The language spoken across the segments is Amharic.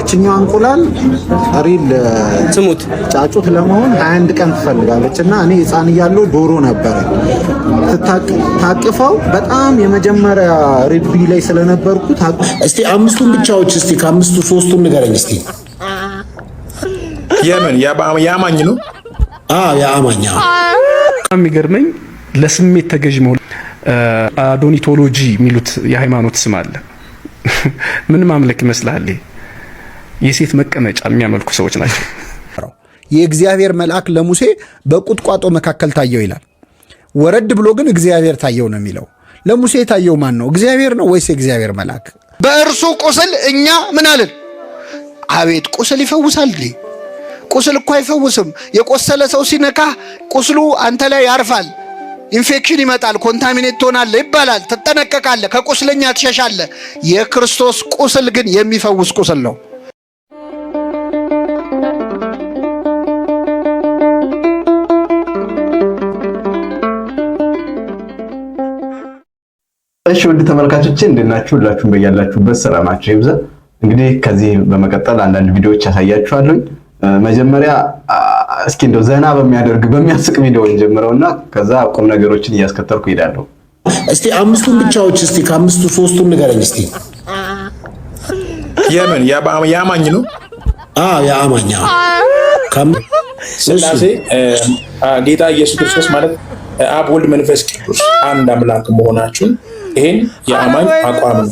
እችኛዋ እንቁላል ሪል ስሙት ጫጩት ለመሆን 21 ቀን ትፈልጋለች እና እኔ ህፃን እያለሁ ዶሮ ነበረ ታቅፈው በጣም የመጀመሪያ ርቢ ላይ ስለነበርኩ ታቅ እስቲ አምስቱን ብቻዎች እስቲ ከአምስቱ ሶስቱን ንገረኝ እስቲ የምን የአማኝ ነው አዎ የአማኝ የሚገርመኝ ለስሜት ተገዥ መሆን አዶኒቶሎጂ የሚሉት የሃይማኖት ስም አለ ምን ማምለክ ይመስልሃል የሴት መቀመጫ የሚያመልኩ ሰዎች ናቸው። የእግዚአብሔር መልአክ ለሙሴ በቁጥቋጦ መካከል ታየው ይላል። ወረድ ብሎ ግን እግዚአብሔር ታየው ነው የሚለው። ለሙሴ የታየው ማን ነው? እግዚአብሔር ነው ወይስ የእግዚአብሔር መልአክ? በእርሱ ቁስል እኛ ምን አለን? አቤት ቁስል ይፈውሳል። ቁስል እኮ አይፈውስም። የቆሰለ ሰው ሲነካ ቁስሉ አንተ ላይ ያርፋል። ኢንፌክሽን ይመጣል፣ ኮንታሚኔት ትሆናለህ ይባላል። ትጠነቀቃለህ፣ ከቁስለኛ ትሸሻለህ። የክርስቶስ ቁስል ግን የሚፈውስ ቁስል ነው። እሺ ውድ ተመልካቾች እንደናችሁ ሁላችሁም በያላችሁበት ሰላማችሁ ይብዛ። እንግዲህ ከዚህ በመቀጠል አንዳንድ ቪዲዮዎች ያሳያችኋለሁኝ። መጀመሪያ እስኪ እንደው ዘና በሚያደርግ በሚያስቅ ቪዲዮ እንጀምረውና ከዛ ቁም ነገሮችን እያስከተልኩ ሄዳለሁ። እስቲ አምስቱን ብቻዎች እስቲ ከአምስቱ ሶስቱን ንገረኝ እስቲ። የምን የአማኝ ነው? አዎ የአማኝ ስላሴ ጌታ ኢየሱስ ክርስቶስ ማለት አብ፣ ወልድ፣ መንፈስ ቅዱስ አንድ አምላክ መሆናችሁን ይሄን የአማኝ አቋም ነው።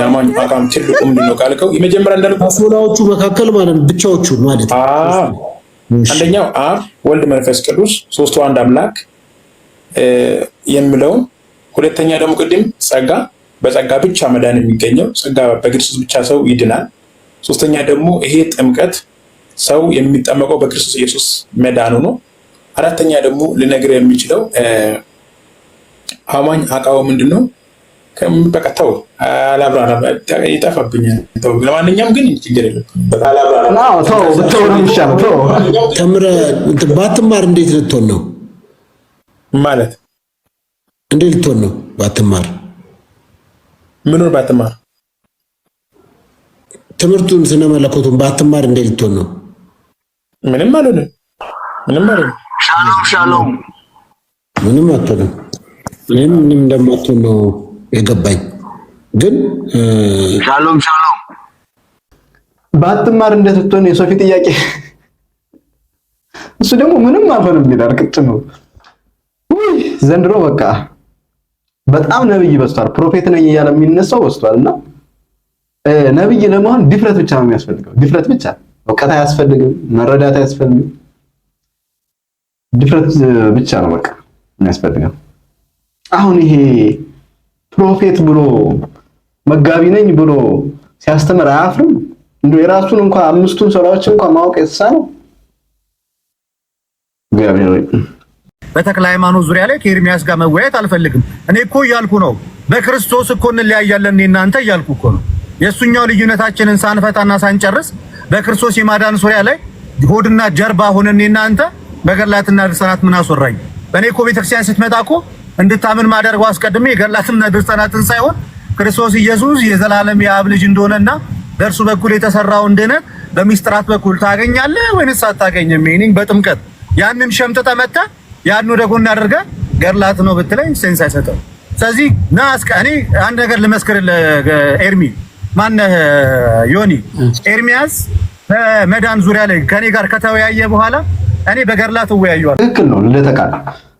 የአማኝ አቋም ትልቁ ምንድን ነው ካልከው የመጀመሪያ እንዳለ አስሞላዎቹ መካከል ማለት ብቻዎቹ ማለት አንደኛው አብ ወልድ መንፈስ ቅዱስ ሶስቱ አንድ አምላክ የሚለውን ሁለተኛ ደግሞ ቅድም ጸጋ በጸጋ ብቻ መዳን የሚገኘው ጸጋ በክርስቶስ ብቻ ሰው ይድናል። ሶስተኛ ደግሞ ይሄ ጥምቀት ሰው የሚጠመቀው በክርስቶስ ኢየሱስ መዳኑ ነው። አራተኛ ደግሞ ልነግር የሚችለው አማኝ አቃው ምንድን ነው? በቃ ተው አላብራራ ይጠፋብኛል። ለማንኛውም ግን ችግር የለብኝም። ባትማር እንዴት ልትሆን ነው ማለት እንዴ ልትሆን ነው? ባትማር ምኑን ባትማር ትምህርቱን ስነመለኮቱን ባትማር እንዴ ልትሆን ነው? ምንም አልሆንም። ምንም አልሆንም። ሻሎም ሻሎም ምንም አትሆንም። ምንም እንደማትሆን ነው የገባኝ ግን ሻሎም ሻሎም በአትማር እንደትትሆን የሶፊ ጥያቄ እሱ ደግሞ ምንም አልሆንም ይላል። ቅጥ ነው ዘንድሮ በቃ በጣም ነብይ በዝቷል። ፕሮፌት ነኝ እያለ የሚነሳው በዝቷል። እና ነብይ ለመሆን ድፍረት ብቻ ነው የሚያስፈልገው። ድፍረት ብቻ እውቀት አያስፈልግም፣ መረዳት አያስፈልግም። ድፍረት ብቻ ነው በቃ የሚያስፈልገው። አሁን ይሄ ፕሮፌት ብሎ መጋቢ ነኝ ብሎ ሲያስተምር አያፍርም? እንዲሁ የራሱን እንኳን አምስቱን ስራዎች እንኳ ማወቅ የተሳነው በተክለ ሃይማኖት ዙሪያ ላይ ከኤርሚያስ ጋር መወያየት አልፈልግም። እኔ እኮ እያልኩ ነው፣ በክርስቶስ እኮ እንለያያለን እኔ እናንተ እያልኩ እኮ ነው። የእሱኛው ልዩነታችንን ሳንፈታና ሳንጨርስ በክርስቶስ የማዳን ዙሪያ ላይ ሆድና ጀርባ ሆነን እኔ እናንተ በገላትና ድርሳናት ምን አስወራኝ? እኔ እኮ ቤተክርስቲያን ስትመጣ እኮ እንድታምን ማደርገው አስቀድሜ የገላትም ድርሳናትን ሳይሆን ክርስቶስ ኢየሱስ የዘላለም የአብ ልጅ እንደሆነና በእርሱ በኩል የተሰራውን ድነት በሚስጥራት በኩል ታገኛለህ ወይንስ አታገኝም? ሚኒንግ በጥምቀት ያንን ሸምተ ተመተ ያን ወደ ጎን አድርገህ ገድላት ነው ብትለኝ ሴንስ አይሰጠው። ስለዚህ ና እስከ እኔ አንድ ነገር ልመስክርልህ። ኤርሚ ማነህ ዮኒ ኤርሚያስ በመዳን ዙሪያ ላይ ከኔ ጋር ከተወያየ በኋላ እኔ በገድላት እወያየዋለሁ። ትክክል ነው።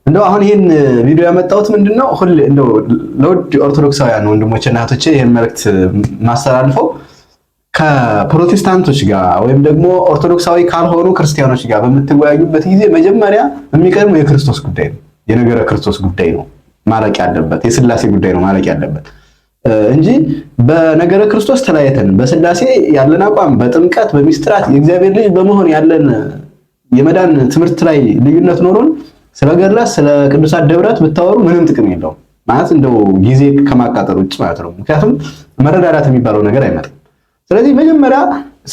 እንደው አሁን ይህን ቪዲዮ ያመጣሁት ምንድን ነው ሁል እንደው ለውድ ኦርቶዶክሳውያን ወንድሞች እና እህቶቼ ይህን መልእክት ማስተላልፈው ከፕሮቴስታንቶች ጋር ወይም ደግሞ ኦርቶዶክሳዊ ካልሆኑ ክርስቲያኖች ጋር በምትወያዩበት ጊዜ መጀመሪያ የሚቀድመው የክርስቶስ ጉዳይ ነው፣ የነገረ ክርስቶስ ጉዳይ ነው ማለቅ ያለበት፣ የስላሴ ጉዳይ ነው ማለቅ ያለበት እንጂ በነገረ ክርስቶስ ተለያየተን በስላሴ ያለን አቋም በጥምቀት በሚስጥራት የእግዚአብሔር ልጅ በመሆን ያለን የመዳን ትምህርት ላይ ልዩነት ኖሮን ስለ ገድላት ስለ ቅዱሳት ደብረት ብታወሩ ምንም ጥቅም የለውም ማለት እንደው ጊዜ ከማቃጠል ውጭ ማለት ነው። ምክንያቱም መረዳዳት የሚባለው ነገር አይመጣም። ስለዚህ መጀመሪያ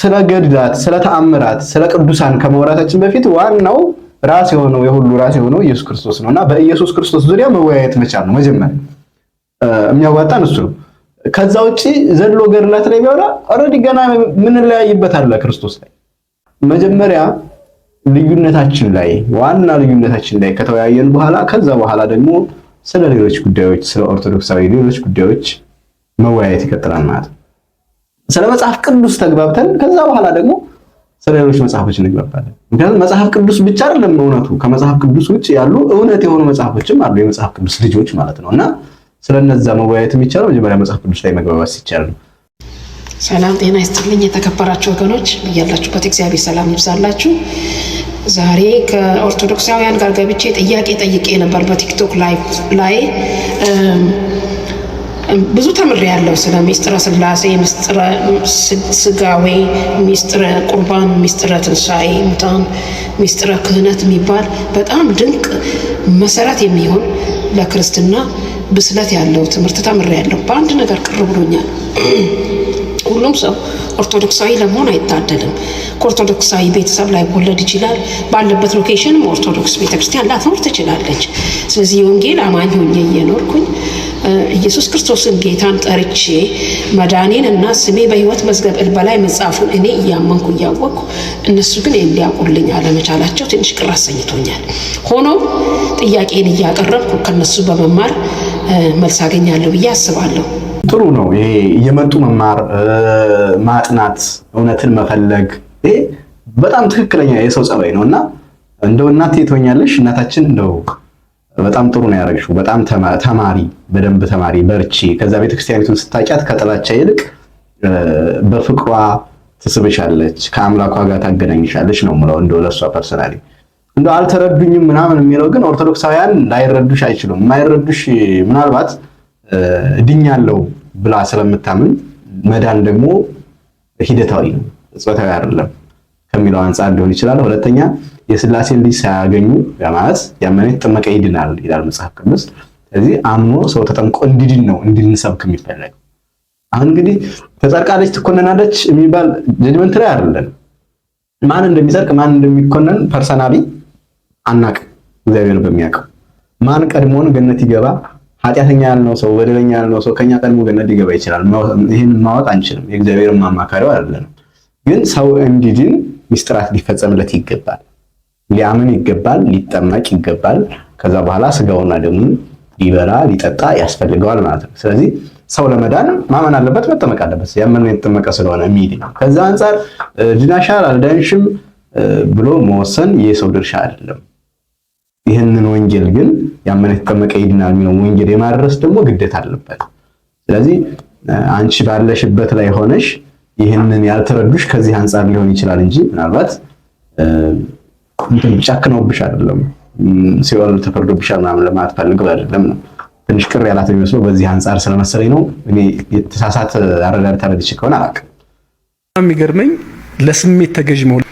ስለ ገድላት፣ ስለ ተአምራት፣ ስለ ቅዱሳን ከማውራታችን በፊት ዋናው ራስ የሆነው የሁሉ ራስ የሆነው ኢየሱስ ክርስቶስ ነው እና በኢየሱስ ክርስቶስ ዙሪያ መወያየት መቻል ነው መጀመሪያ የሚያዋጣን እሱ ነው። ከዛ ውጭ ዘሎ ገድላት ላይ ቢያወራ ኦልሬዲ ገና ምንለያይበት አለ ክርስቶስ ላይ መጀመሪያ ልዩነታችን ላይ ዋና ልዩነታችን ላይ ከተወያየን በኋላ ከዛ በኋላ ደግሞ ስለ ሌሎች ጉዳዮች ስለ ኦርቶዶክሳዊ ሌሎች ጉዳዮች መወያየት ይቀጥላል ማለት ነው። ስለ መጽሐፍ ቅዱስ ተግባብተን ከዛ በኋላ ደግሞ ስለ ሌሎች መጽሐፎች እንግባባለን። ምክንያቱም መጽሐፍ ቅዱስ ብቻ አይደለም እውነቱ። ከመጽሐፍ ቅዱስ ውጭ ያሉ እውነት የሆኑ መጽሐፎችም አሉ፣ የመጽሐፍ ቅዱስ ልጆች ማለት ነው። እና ስለነዛ መወያየት የሚቻለው መጀመሪያ መጽሐፍ ቅዱስ ላይ መግባባት ሲቻል ነው። ሰላም ጤና ይስጥልኝ የተከበራችሁ ወገኖች እያላችሁበት እግዚአብሔር ሰላም ይብዛላችሁ። ዛሬ ከኦርቶዶክሳውያን ጋር ገብቼ ጥያቄ ጠይቄ ነበር በቲክቶክ ላይ ብዙ ተምሬ ያለው ስለ ሚስጥረ ስላሴ፣ ሚስጥረ ስጋዌ፣ ሚስጥረ ቁርባን፣ ሚስጥረ ትንሣኤ ሙታን፣ ሚስጥረ ክህነት የሚባል በጣም ድንቅ መሰረት የሚሆን ለክርስትና ብስለት ያለው ትምህርት ተምሬ ያለው። በአንድ ነገር ቅር ብሎኛል። ሁሉም ሰው ኦርቶዶክሳዊ ለመሆን አይታደልም። ከኦርቶዶክሳዊ ቤተሰብ ላይ ወለድ ይችላል። ባለበት ሎኬሽንም ኦርቶዶክስ ቤተክርስቲያን ላትኖር ትችላለች። ስለዚህ የወንጌል አማኝ ሆኜ እየኖርኩኝ ኢየሱስ ክርስቶስን ጌታን ጠርቼ መዳኔን እና ስሜ በሕይወት መዝገብ በላይ መጽሐፉን እኔ እያመንኩ እያወቅኩ እነሱ ግን ይህን አለመቻላቸው ትንሽ ቅር አሰኝቶኛል። ሆኖም ጥያቄን እያቀረብኩ ከነሱ በመማር መልስ አገኛለሁ ብዬ አስባለሁ። ጥሩ ነው። ይሄ እየመጡ መማር ማጥናት፣ እውነትን መፈለግ ይሄ በጣም ትክክለኛ የሰው ጸባይ ነው እና እንደው እናት ትሆኛለሽ። እናታችን እንደው በጣም ጥሩ ነው ያደረግሽው። በጣም ተማሪ፣ በደንብ ተማሪ፣ በርቺ። ከዛ ቤተክርስቲያኒቱን ስታጫት ከጥላቻ ይልቅ በፍቅሯ ትስብሻለች፣ ከአምላኳ ጋር ታገናኝሻለች ነው የምለው። እንደው ለእሷ ፐርሰናሊ እንደው አልተረዱኝም ምናምን የሚለው ግን ኦርቶዶክሳውያን ላይረዱሽ አይችሉም። የማይረዱሽ ምናልባት ድኛለው ብላ ስለምታምን መዳን ደግሞ ሂደታዊ ነው፣ እጽበታዊ አይደለም ከሚለው አንጻር ሊሆን ይችላል። ሁለተኛ የስላሴን ልጅ ሳያገኙ ማለት ያመነ የተጠመቀ ይድናል ይላል መጽሐፍ ቅዱስ። ስለዚህ አምኖ ሰው ተጠምቆ እንዲድን ነው እንድንሰብክ የሚፈለገው። አሁን እንግዲህ ተጸድቃለች ትኮነናለች የሚባል ጀጅመንት ላይ አይደለም። ማን እንደሚጸድቅ ማን እንደሚኮነን ፐርሰናሊ አናቅ፣ እግዚአብሔር በሚያውቀው ማን ቀድሞን ገነት ይገባ ኃጢአተኛ ያልነው ሰው በደለኛ ያልነው ሰው ከኛ ቀድሞ ገነት ሊገባ ይችላል። ይህን ማወቅ አንችልም። የእግዚአብሔር አማካሪው አይደለም። ግን ሰው እንዲድን ሚስጥራት ሊፈጸምለት ይገባል። ሊያምን ይገባል። ሊጠመቅ ይገባል። ከዛ በኋላ ስጋውና ደግሞ ሊበላ ሊጠጣ ያስፈልገዋል ማለት ነው። ስለዚህ ሰው ለመዳን ማመን አለበት፣ መጠመቅ አለበት። ያመነ የተጠመቀ ስለሆነ የሚድ ነው። ከዛ አንጻር ድናሻል አልዳንሽም ብሎ መወሰን የሰው ድርሻ አይደለም። ይህንን ወንጀል ግን ያመነ የተጠመቀ ይድናል የሚለው ወንጌል የማድረስ ደግሞ ግዴታ አለበት። ስለዚህ አንቺ ባለሽበት ላይ ሆነሽ ይህንን ያልተረዱሽ ከዚህ አንጻር ሊሆን ይችላል እንጂ ምናልባት ጨክነውብሽ አይደለም፣ ሲሆን ተፈርዶብሻል ምናምን ለማለት ፈልገው አይደለም ነው። ትንሽ ቅር ያላት የሚመስለው በዚህ አንጻር ስለመሰለኝ ነው። እኔ የተሳሳት አረዳድ ተረድቼ ከሆነ አላውቅም። የሚገርመኝ ለስሜት ተገዥ መሆን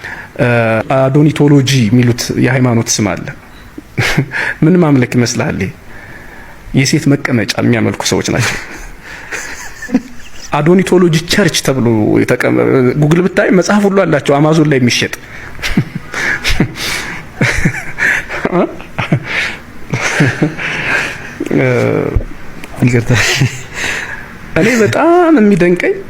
አዶኒቶሎጂ የሚሉት የሃይማኖት ስም አለ። ምን ማምለክ ይመስላል የሴት መቀመጫ የሚያመልኩ ሰዎች ናቸው። አዶኒቶሎጂ ቸርች ተብሎ ጉግል ብታይ መጽሐፍ ሁሉ አላቸው። አማዞን ላይ የሚሸጥ እኔ በጣም የሚደንቀኝ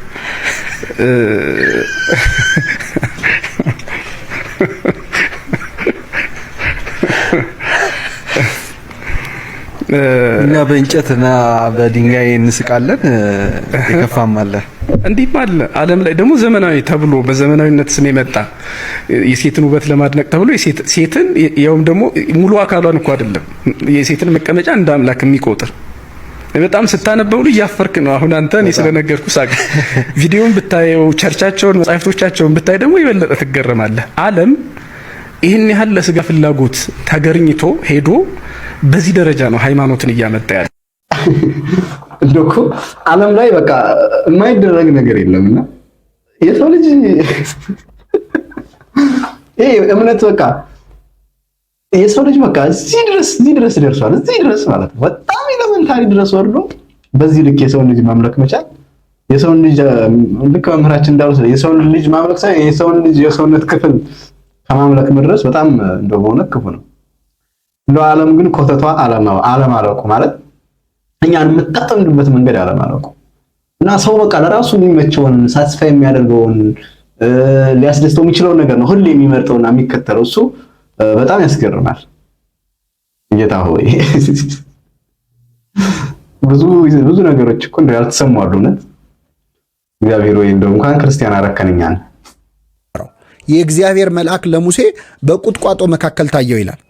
እና በእንጨትና በድንጋይ እንስቃለን። የከፋም አለ እንዲህም አለ። ዓለም ላይ ደግሞ ዘመናዊ ተብሎ በዘመናዊነት ስም የመጣ የሴትን ውበት ለማድነቅ ተብሎ ሴትን ያውም ደግሞ ሙሉ አካሏን እኮ አይደለም የሴትን መቀመጫ እንደ አምላክ የሚቆጥር በጣም ስታነበው እያፈርክ ነው። አሁን አንተ እኔ ስለነገርኩ ሳቅ። ቪዲዮን ብታየው፣ ቸርቻቸውን፣ መጽሐፍቶቻቸውን ብታይ ደግሞ የበለጠ ትገረማለህ። ዓለም ይህን ያህል ለስጋ ፍላጎት ተገርኝቶ ሄዶ በዚህ ደረጃ ነው ሃይማኖትን እያመጣ ያለ። እንደኮ እኮ ዓለም ላይ በቃ የማይደረግ ነገር የለም እና የሰው ልጅ ይሄ እምነት በቃ የሰው ልጅ በቃ እዚህ ድረስ እዚህ ድረስ ደርሷል። እዚህ ድረስ ማለት ነው በጣም ኤሌመንታሪ ድረስ ወርዶ በዚህ ልክ የሰውን ልጅ ማምለክ መቻል የሰውን ልጅ ልክ መምህራችን እንዳሉት የሰውን ልጅ ማምለክ ሳይሆን የሰውን ልጅ የሰውነት ክፍል ከማምለክ መድረስ በጣም እንደሆነ ክፉ ነው። ለዓለም ግን ኮተቷ አለማለቁ ማለት እኛን የምታጠምድበት መንገድ አለማለቁ እና ሰው በቃ ለራሱ የሚመቸውን ሳትስፋይ የሚያደርገውን ሊያስደስተው የሚችለውን ነገር ነው ሁሉ የሚመርጠውና የሚከተለው። እሱ በጣም ያስገርማል። ጌታ ሆይ ብዙ ብዙ ነገሮች እኮ እንደው ያልተሰሙ አሉ። እውነት እግዚአብሔር ወይ እንደው እንኳን ክርስቲያን አረከንኛል። የእግዚአብሔር መልአክ ለሙሴ በቁጥቋጦ መካከል ታየው ይላል።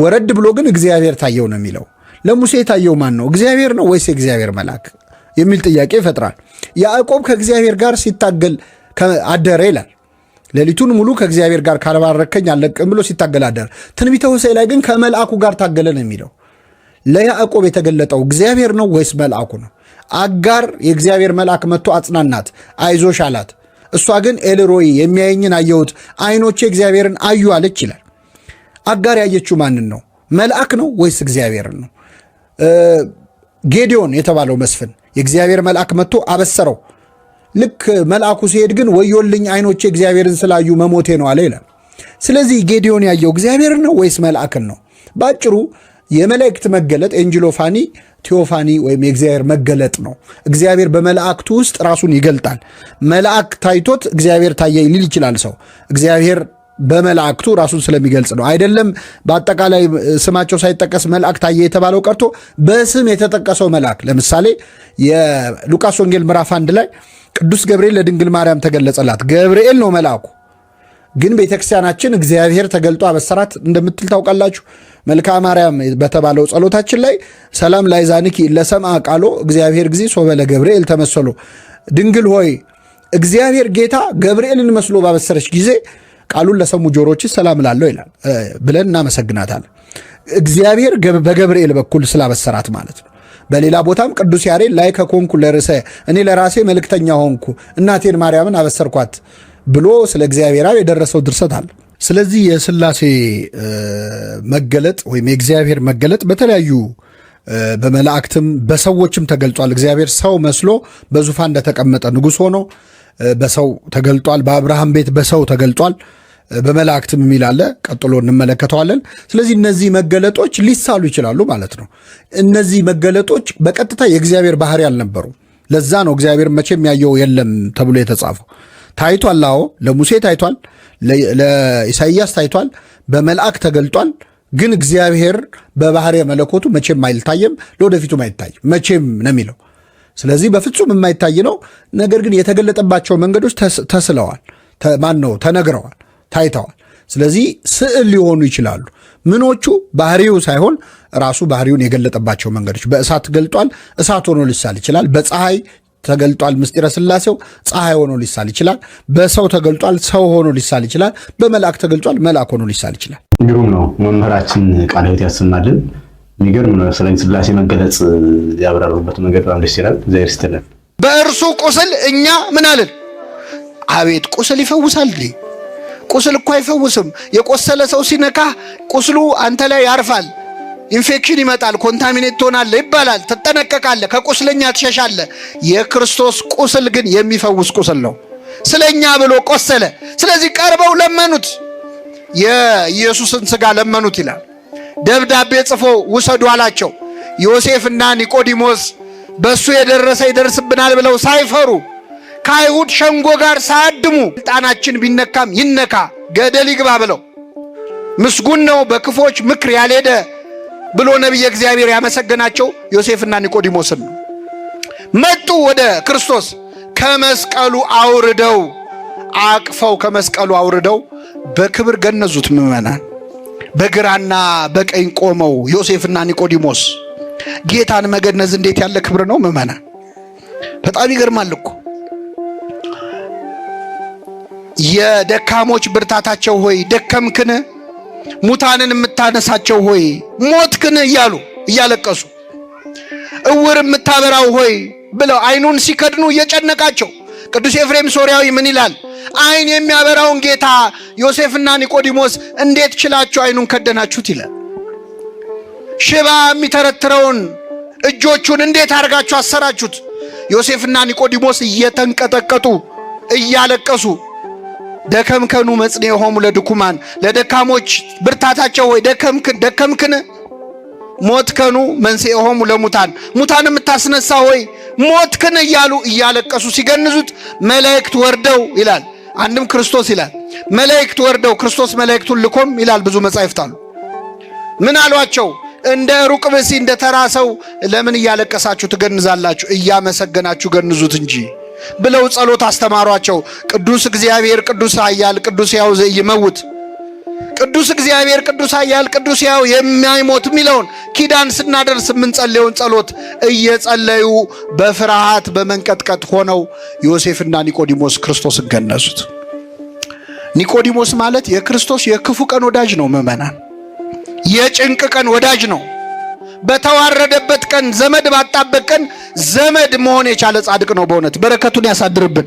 ወረድ ብሎ ግን እግዚአብሔር ታየው ነው የሚለው። ለሙሴ የታየው ማን ነው? እግዚአብሔር ነው ወይስ የእግዚአብሔር መልአክ የሚል ጥያቄ ይፈጥራል። ያዕቆብ ከእግዚአብሔር ጋር ሲታገል አደረ ይላል። ሌሊቱን ሙሉ ከእግዚአብሔር ጋር ካልባረከኝ አለቅም ብሎ ሲታገል አደረ። ትንቢተ ሆሴዕ ላይ ግን ከመልአኩ ጋር ታገለ ነው የሚለው። ለያዕቆብ የተገለጠው እግዚአብሔር ነው ወይስ መልአኩ ነው? አጋር የእግዚአብሔር መልአክ መጥቶ አጽናናት፣ አይዞሽ አላት። እሷ ግን ኤልሮይ የሚያየኝን አየሁት፣ አይኖቼ እግዚአብሔርን አዩ አለች ይላል። አጋር ያየችው ማንን ነው? መልአክ ነው ወይስ እግዚአብሔርን ነው? ጌዲዮን የተባለው መስፍን የእግዚአብሔር መልአክ መጥቶ አበሰረው። ልክ መልአኩ ሲሄድ ግን ወዮልኝ አይኖቼ እግዚአብሔርን ስላዩ መሞቴ ነው አለ ይላል። ስለዚህ ጌዲዮን ያየው እግዚአብሔርን ነው ወይስ መልአክን ነው? በአጭሩ የመላእክት መገለጥ ኤንጅሎፋኒ ቴዎፋኒ ወይም የእግዚአብሔር መገለጥ ነው። እግዚአብሔር በመላእክቱ ውስጥ ራሱን ይገልጣል። መልአክ ታይቶት እግዚአብሔር ታየ ሊል ይችላል ሰው እግዚአብሔር በመላእክቱ ራሱን ስለሚገልጽ ነው። አይደለም በአጠቃላይ ስማቸው ሳይጠቀስ መልአክ ታየ የተባለው ቀርቶ በስም የተጠቀሰው መልአክ ለምሳሌ የሉቃስ ወንጌል ምዕራፍ አንድ ላይ ቅዱስ ገብርኤል ለድንግል ማርያም ተገለጸላት። ገብርኤል ነው መልአኩ። ግን ቤተክርስቲያናችን እግዚአብሔር ተገልጦ አበሰራት እንደምትል ታውቃላችሁ። መልክአ ማርያም በተባለው ጸሎታችን ላይ ሰላም ላይዛንኪ ለሰምአ ቃሎ እግዚአብሔር ጊዜ ሶበለ ገብርኤል ተመሰሎ ድንግል ሆይ እግዚአብሔር ጌታ ገብርኤልን መስሎ ባበሰረች ጊዜ ቃሉን ለሰሙ ጆሮች ሰላም ላለው ይላል ብለን እናመሰግናታለን። እግዚአብሔር በገብርኤል በኩል ስላበሰራት ማለት ነው። በሌላ ቦታም ቅዱስ ያሬድ ላይ ከኮንኩ ለርዕሰ እኔ ለራሴ መልእክተኛ ሆንኩ እናቴን ማርያምን አበሰርኳት ብሎ ስለ እግዚአብሔር አብ የደረሰው ድርሰት አለ። ስለዚህ የስላሴ መገለጥ ወይም የእግዚአብሔር መገለጥ በተለያዩ በመላእክትም በሰዎችም ተገልጧል። እግዚአብሔር ሰው መስሎ በዙፋን እንደተቀመጠ ንጉሥ ሆኖ በሰው ተገልጧል። በአብርሃም ቤት በሰው ተገልጧል። በመላእክትም የሚል አለ። ቀጥሎ እንመለከተዋለን። ስለዚህ እነዚህ መገለጦች ሊሳሉ ይችላሉ ማለት ነው። እነዚህ መገለጦች በቀጥታ የእግዚአብሔር ባህሪ አልነበሩ። ለዛ ነው እግዚአብሔር መቼ የሚያየው የለም ተብሎ የተጻፈው። ታይቷል። አዎ ለሙሴ ታይቷል፣ ለኢሳይያስ ታይቷል፣ በመልአክ ተገልጧል። ግን እግዚአብሔር በባህሪ መለኮቱ መቼም አይልታየም፣ ለወደፊቱም አይታይም። መቼም ነው የሚለው ስለዚህ በፍጹም የማይታይ ነው። ነገር ግን የተገለጠባቸው መንገዶች ተስለዋል፣ ማን ነው ተነግረዋል። ታይተዋል። ስለዚህ ስዕል ሊሆኑ ይችላሉ። ምኖቹ ባህሪው ሳይሆን ራሱ ባህሪውን የገለጠባቸው መንገዶች በእሳት ገልጧል። እሳት ሆኖ ሊሳል ይችላል። በፀሐይ ተገልጧል። ምስጢረ ስላሴው ፀሐይ ሆኖ ሊሳል ይችላል። በሰው ተገልጧል። ሰው ሆኖ ሊሳል ይችላል። በመልአክ ተገልጧል። መልአክ ሆኖ ሊሳል ይችላል። ግሩም ነው። መምህራችን ቃለ ሕይወት ያሰማልን። የሚገርም ነው። ስለ ስላሴ መገለጽ ያብራሩበት መንገድ በጣም ደስ ይላል። እግዚአብሔር ይስጥልን። በእርሱ ቁስል እኛ ምን አለን? አቤት ቁስል ይፈውሳል። ቁስል እኮ አይፈውስም። የቆሰለ ሰው ሲነካ ቁስሉ አንተ ላይ ያርፋል። ኢንፌክሽን ይመጣል፣ ኮንታሚኔት ትሆናለህ ይባላል። ትጠነቀቃለህ፣ ከቁስለኛ ትሸሻለህ። የክርስቶስ ቁስል ግን የሚፈውስ ቁስል ነው። ስለኛ ብሎ ቆሰለ። ስለዚህ ቀርበው ለመኑት፣ የኢየሱስን ሥጋ ለመኑት ይላል። ደብዳቤ ጽፎ ውሰዱ አላቸው። ዮሴፍና ኒቆዲሞስ በእሱ የደረሰ ይደርስብናል ብለው ሳይፈሩ ከአይሁድ ሸንጎ ጋር ሳያድሙ ስልጣናችን ቢነካም ይነካ ገደል ይግባ ብለው ምስጉን ነው በክፎች ምክር ያልሄደ ብሎ ነቢየ እግዚአብሔር ያመሰገናቸው ዮሴፍና ኒቆዲሞስን መጡ ወደ ክርስቶስ ከመስቀሉ አውርደው አቅፈው ከመስቀሉ አውርደው በክብር ገነዙት። ምዕመናን በግራና በቀኝ ቆመው ዮሴፍና ኒቆዲሞስ ጌታን መገነዝ እንዴት ያለ ክብር ነው! ምዕመናን በጣም ይገርማል እኮ የደካሞች ብርታታቸው ሆይ ደከምክን፣ ሙታንን የምታነሳቸው ሆይ ሞትክን እያሉ እያለቀሱ እውር የምታበራው ሆይ ብለው አይኑን ሲከድኑ እየጨነቃቸው ቅዱስ ኤፍሬም ሶርያዊ ምን ይላል? አይን የሚያበራውን ጌታ ዮሴፍና ኒቆዲሞስ እንዴት ችላችሁ አይኑን ከደናችሁት ይላል። ሽባ የሚተረትረውን እጆቹን እንዴት አድርጋችሁ አሰራችሁት? ዮሴፍና ኒቆዲሞስ እየተንቀጠቀጡ እያለቀሱ ደከምከኑ ሆሙ ለድኩማን ለደካሞች ብርታታቸው ሞት ደከምክን። ሞትከኑ የሆሙ ለሙታን ሙታን የምታስነሳ ሞት ሞትክን እያሉ እያለቀሱ ሲገንዙት መላእክት ወርደው ይላል። አንድም ክርስቶስ ይላል መላእክት ወርደው ክርስቶስ መላእክቱን ልኮም ይላል። ብዙ መጻሕፍት አሉ። ምን አሏቸው? እንደ ሩቅ ብእሲ እንደ ተራ ሰው ለምን እያለቀሳችሁ ትገንዛላችሁ? እያመሰገናችሁ ገንዙት እንጂ ብለው ጸሎት አስተማሯቸው። ቅዱስ እግዚአብሔር ቅዱስ ኃያል ቅዱስ ሕያው ዘኢይመውት ቅዱስ እግዚአብሔር ቅዱስ ኃያል ቅዱስ ሕያው የማይሞት የሚለውን ኪዳን ስናደርስ የምንጸልየውን ጸሎት እየጸለዩ በፍርሃት በመንቀጥቀጥ ሆነው ዮሴፍና ኒቆዲሞስ ክርስቶስን ገነዙት። ኒቆዲሞስ ማለት የክርስቶስ የክፉ ቀን ወዳጅ ነው። ምእመናን የጭንቅ ቀን ወዳጅ ነው። በተዋረደበት ቀን ዘመድ ባጣበት ቀን ዘመድ መሆን የቻለ ጻድቅ ነው። በእውነት በረከቱን ያሳድርብን።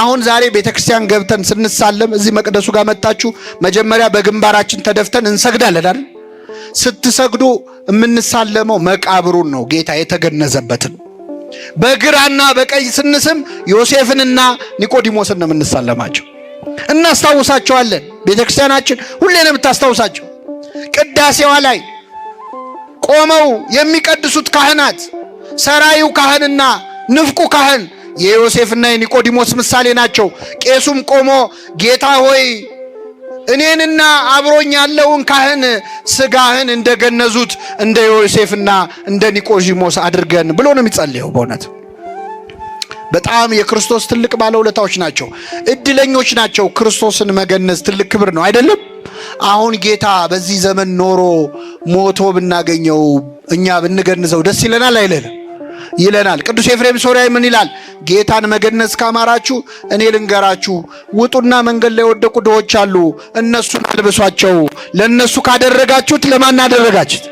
አሁን ዛሬ ቤተክርስቲያን ገብተን ስንሳለም እዚህ መቅደሱ ጋር መጣችሁ፣ መጀመሪያ በግንባራችን ተደፍተን እንሰግዳለን አይደል? ስትሰግዱ የምንሳለመው መቃብሩን ነው፣ ጌታ የተገነዘበትን። በግራና በቀኝ ስንስም ዮሴፍንና ኒቆዲሞስን ነው የምንሳለማቸው። እናስታውሳቸዋለን። ቤተክርስቲያናችን ክርስቲያናችን ሁሌ ነው የምታስታውሳቸው። ቅዳሴዋ ላይ ቆመው የሚቀድሱት ካህናት ሰራዩ ካህንና ንፍቁ ካህን የዮሴፍና የኒቆዲሞስ ምሳሌ ናቸው። ቄሱም ቆሞ ጌታ ሆይ እኔንና አብሮኝ ያለውን ካህን ስጋህን እንደገነዙት እንደ ዮሴፍና እንደ ኒቆዲሞስ አድርገን ብሎ ነው የሚጸልየው በእውነት በጣም የክርስቶስ ትልቅ ባለውለታዎች ናቸው፣ እድለኞች ናቸው። ክርስቶስን መገነዝ ትልቅ ክብር ነው አይደለም? አሁን ጌታ በዚህ ዘመን ኖሮ ሞቶ ብናገኘው እኛ ብንገንዘው ደስ ይለናል አይለንም? ይለናል። ቅዱስ ኤፍሬም ሶርያዊ ምን ይላል? ጌታን መገነዝ ካማራችሁ እኔ ልንገራችሁ፣ ውጡና መንገድ ላይ ወደቁ ድሆች አሉ፣ እነሱን አልብሷቸው። ለእነሱ ካደረጋችሁት ለማን አደረጋችሁት?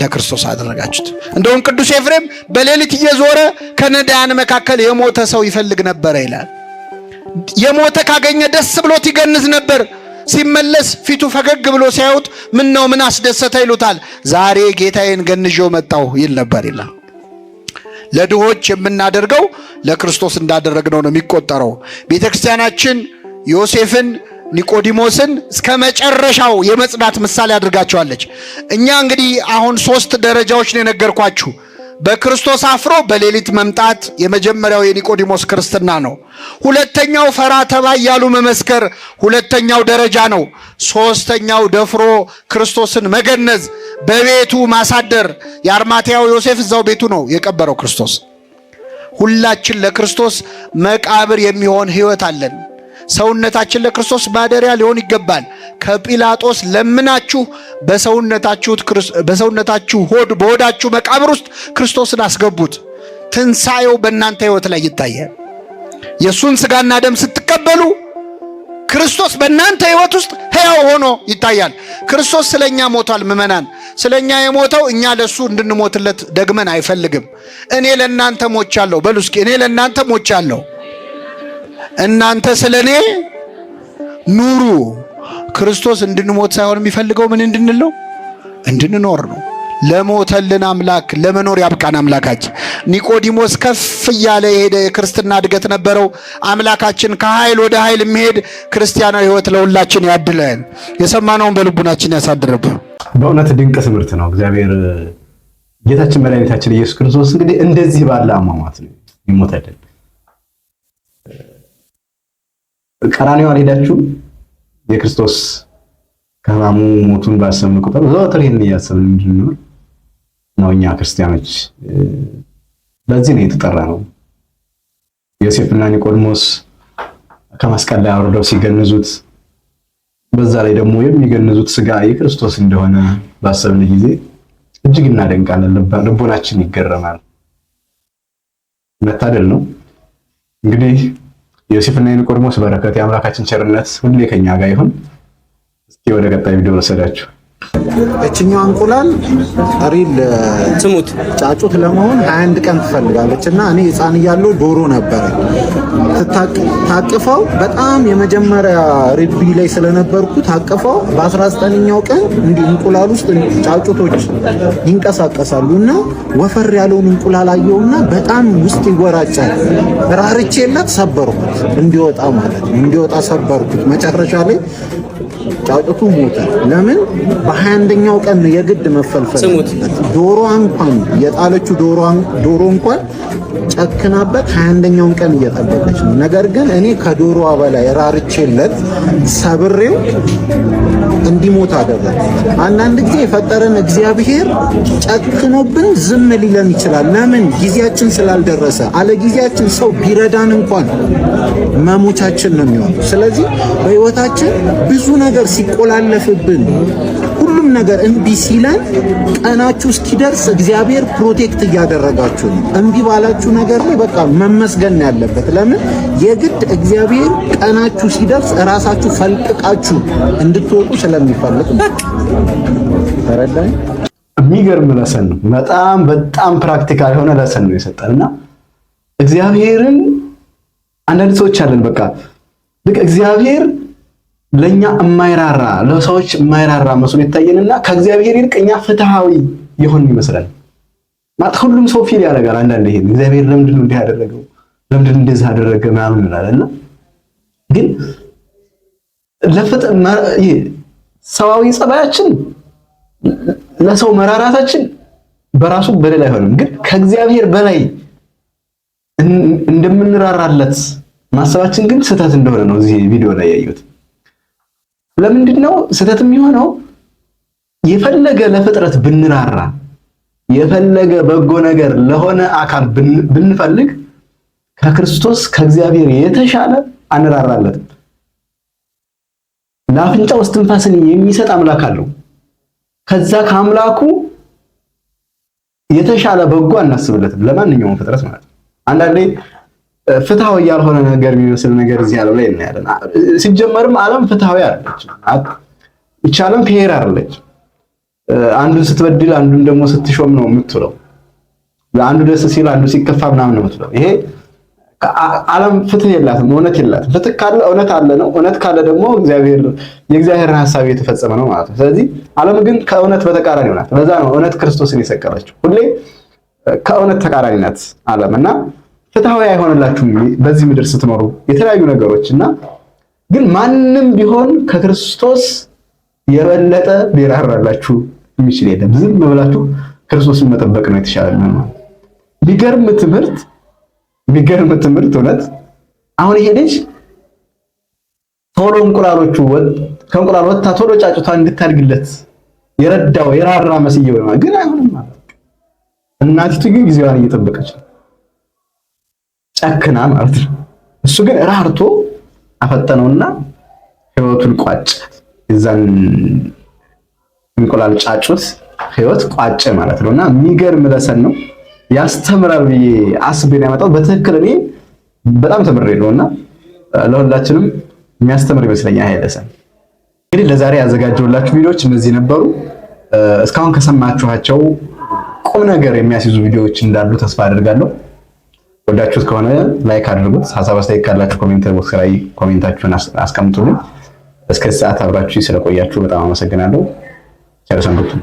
ለክርስቶስ አደረጋችሁት። እንደውም ቅዱስ ኤፍሬም በሌሊት እየዞረ ከነዳያን መካከል የሞተ ሰው ይፈልግ ነበረ ይላል። የሞተ ካገኘ ደስ ብሎት ይገንዝ ነበር። ሲመለስ ፊቱ ፈገግ ብሎ ሲያዩት ምን ነው ምን አስደሰተ ይሉታል። ዛሬ ጌታዬን ገንዤው መጣሁ ይል ነበር ይላል። ለድሆች የምናደርገው ለክርስቶስ እንዳደረግነው ነው የሚቆጠረው። ቤተክርስቲያናችን ዮሴፍን ኒቆዲሞስን እስከ መጨረሻው የመጽናት ምሳሌ አድርጋቸዋለች። እኛ እንግዲህ አሁን ሶስት ደረጃዎች ነው የነገርኳችሁ። በክርስቶስ አፍሮ በሌሊት መምጣት የመጀመሪያው የኒቆዲሞስ ክርስትና ነው። ሁለተኛው ፈራ ተባ እያሉ መመስከር ሁለተኛው ደረጃ ነው። ሶስተኛው ደፍሮ ክርስቶስን መገነዝ፣ በቤቱ ማሳደር። የአርማትያው ዮሴፍ እዛው ቤቱ ነው የቀበረው ክርስቶስ። ሁላችን ለክርስቶስ መቃብር የሚሆን ህይወት አለን። ሰውነታችን ለክርስቶስ ማደሪያ ሊሆን ይገባል። ከጲላጦስ ለምናችሁ በሰውነታችሁ ሆድ በሆዳችሁ መቃብር ውስጥ ክርስቶስን አስገቡት። ትንሣኤው በእናንተ ሕይወት ላይ ይታያል። የእሱን ሥጋና ደም ስትቀበሉ ክርስቶስ በእናንተ ሕይወት ውስጥ ሕያው ሆኖ ይታያል። ክርስቶስ ስለ እኛ ሞቷል። ምእመናን፣ ስለ እኛ የሞተው እኛ ለእሱ እንድንሞትለት ደግመን አይፈልግም። እኔ ለእናንተ ሞቻለሁ በሉ እስኪ እኔ ለእናንተ ሞቻለሁ። እናንተ ስለ እኔ ኑሩ። ክርስቶስ እንድንሞት ሳይሆን የሚፈልገው ምን እንድንል ነው? እንድንኖር ነው። ለሞተልን አምላክ ለመኖር ያብቃን አምላካችን። ኒቆዲሞስ ከፍ እያለ የሄደ የክርስትና እድገት ነበረው። አምላካችን ከኃይል ወደ ኃይል የሚሄድ ክርስቲያናዊ ህይወት ለሁላችን ያድለን። የሰማነውን በልቡናችን ያሳድርብን። በእውነት ድንቅ ትምህርት ነው። እግዚአብሔር ጌታችን መድኃኒታችን ኢየሱስ ክርስቶስ እንግዲህ እንደዚህ ባለ አሟሟት ነው ይሞታልን ቀራኒዋን ሄዳችሁ የክርስቶስ ከማሙ ሞቱን ባሰብን ቁጥር ዘወትር ይህን እያሰብን እንድንኖር ነው። እኛ ክርስቲያኖች በዚህ ነው የተጠራ ነው። ዮሴፍና ኒቆድሞስ ከመስቀል ላይ አውርደው ሲገንዙት፣ በዛ ላይ ደግሞ የሚገንዙት ስጋ የክርስቶስ እንደሆነ ባሰብን ጊዜ እጅግ እናደንቃለን፣ ልቦናችን ይገረማል። መታደል ነው እንግዲህ የዮሴፍና የኒቆድሞስ በረከት የአምላካችን ቸርነት ሁሌ ከኛ ጋር ይሁን። እስኪ ወደ ቀጣይ ቪዲዮ ወሰዳችሁ። እችኛዋ እንቁላል ሪል ስሙት ጫጩት ለመሆን 21 ቀን ትፈልጋለች እና እኔ ህፃን እያለሁ ዶሮ ነበረ ታቅፈው በጣም የመጀመሪያ ርቢ ላይ ስለነበርኩ ታቅፈው በ19ኛው ቀን እንዲህ እንቁላል ውስጥ ጫጩቶች ይንቀሳቀሳሉ እና ወፈር ያለውን እንቁላል አየውና በጣም ውስጥ ይወራጫል። ራርቼለት የለት ሰበርኩት እንዲወጣ ማለት ነው እንዲወጣ ሰበርኩት መጨረሻ ላይ ጫጩቱ ሞተ። ለምን በ21ኛው ቀን የግድ መፈልፈል ዶሮ እንኳን የጣለችው ዶሮ እንኳን ጨክናበት 21ኛውን ቀን እየጠበቀች ነው። ነገር ግን እኔ ከዶሮዋ በላይ ራርቼለት ሰብሬው እንዲሞት አደረግ። አንዳንድ ጊዜ የፈጠረን እግዚአብሔር ጨክኖብን ዝም ሊለን ይችላል። ለምን ጊዜያችን ስላልደረሰ። አለ ጊዜያችን ሰው ቢረዳን እንኳን መሞቻችን ነው የሚሆነው። ስለዚህ በህይወታችን ብዙ ነገር ነገር ሲቆላለፍብን ሁሉም ነገር እምቢ ሲለን ቀናችሁ እስኪደርስ እግዚአብሔር ፕሮቴክት እያደረጋችሁ ነው። እምቢ ባላችሁ ነገር ላይ በቃ መመስገን ያለበት ለምን የግድ እግዚአብሔር ቀናችሁ ሲደርስ እራሳችሁ ፈልቅቃችሁ እንድትወጡ ስለሚፈልግ ነው። ተረዳኝ። የሚገርም ለሰን ነው። በጣም በጣም ፕራክቲካል የሆነ ለሰን ነው እና እግዚአብሔርን አንዳንድ ሰዎች አለን በቃ ልክ እግዚአብሔር ለእኛ የማይራራ ለሰዎች የማይራራ መስሎ ይታየንና ከእግዚአብሔር ይልቅ እኛ ፍትሃዊ የሆን ይመስላል። ማለት ሁሉም ሰው ፊል ያደርጋል። አንዳንድ ይሄ እግዚአብሔር ለምንድን እንዲህ ያደረገው ለምንድን እንደዚህ አደረገ ምናምን እንላለን። ግን ሰዋዊ ጸባያችን ለሰው መራራታችን በራሱ በደል አይሆንም። ግን ከእግዚአብሔር በላይ እንደምንራራለት ማሰባችን ግን ስህተት እንደሆነ ነው እዚህ ቪዲዮ ላይ ያየሁት። ለምንድን ነው ስህተት የሚሆነው? የፈለገ ለፍጥረት ብንራራ የፈለገ በጎ ነገር ለሆነ አካል ብንፈልግ ከክርስቶስ ከእግዚአብሔር የተሻለ አንራራለትም። ለአፍንጫ ውስጥ ትንፋስን የሚሰጥ አምላክ አለው። ከዛ ከአምላኩ የተሻለ በጎ አናስብለትም ለማንኛውም ፍጥረት ማለት ነው። አንዳንዴ ፍትሐዊ ያልሆነ ነገር የሚመስል ነገር እዚህ ዓለም ላይ እናያለን። ሲጀመርም ዓለም ፍትሐዊ አለች። ይቺ ዓለም ፌር አይደለችም። አንዱን ስትበድል አንዱን ደግሞ ስትሾም ነው የምትለው አንዱ ደስ ሲል አንዱ ሲከፋ ምናምን ነው የምትለው። ይሄ ዓለም ፍትህ የላትም፣ እውነት የላትም። ፍትህ ካለ እውነት አለ ነው። እውነት ካለ ደግሞ እግዚአብሔር የእግዚአብሔርን ሀሳብ እየተፈጸመ ነው ማለት ነው። ስለዚህ ዓለም ግን ከእውነት በተቃራኒ ናት። በዛ ነው እውነት ክርስቶስን የሰቀለችው። ሁሌ ከእውነት ተቃራኒ ናት ዓለም እና ፍትሐዊ አይሆንላችሁም በዚህ ምድር ስትኖሩ የተለያዩ ነገሮች እና ግን ማንም ቢሆን ከክርስቶስ የበለጠ ሊራራላችሁ የሚችል የለም። ዝም ብላችሁ ክርስቶስን መጠበቅ ነው የተሻለ ነው። ቢገርም ትምህርት ቢገርም ትምህርት እውነት። አሁን ይሄ ልጅ ቶሎ እንቁላሎቹ ከእንቁላል ወጥታ ቶሎ ጫጭቷ እንድታድግለት የረዳው የራራ መስዬ ግን አይሆንም ማለት እናቲቱ ግን ጊዜዋን እየጠበቀች ነው። ጨክና ማለት ነው። እሱ ግን ራርቶ አፈጠነውና ህይወቱን ቋጭ እዛን እንቁላል ጫጩት ህይወት ቋጭ ማለት ነው። እና የሚገርም ለሰን ነው ያስተምራል ብዬ አስቤን ያመጣው በትክክል እኔ በጣም ተምሬ ነው እና ለሁላችንም የሚያስተምር ይመስለኛል ይሄ ለሰን። እንግዲህ ለዛሬ ያዘጋጀሁላችሁ ቪዲዮዎች እነዚህ ነበሩ። እስካሁን ከሰማችኋቸው ቁም ነገር የሚያስይዙ ቪዲዮዎች እንዳሉ ተስፋ አድርጋለሁ። ወዳችሁት ከሆነ ላይክ አድርጉት። ሀሳብ አስተያየት ካላችሁ ኮሜንት ቦክስ ላይ ኮሜንታችሁን አስቀምጡልኝ። እስከዚህ ሰዓት አብራችሁ ስለቆያችሁ በጣም አመሰግናለሁ። ቸር ሰንብቱ።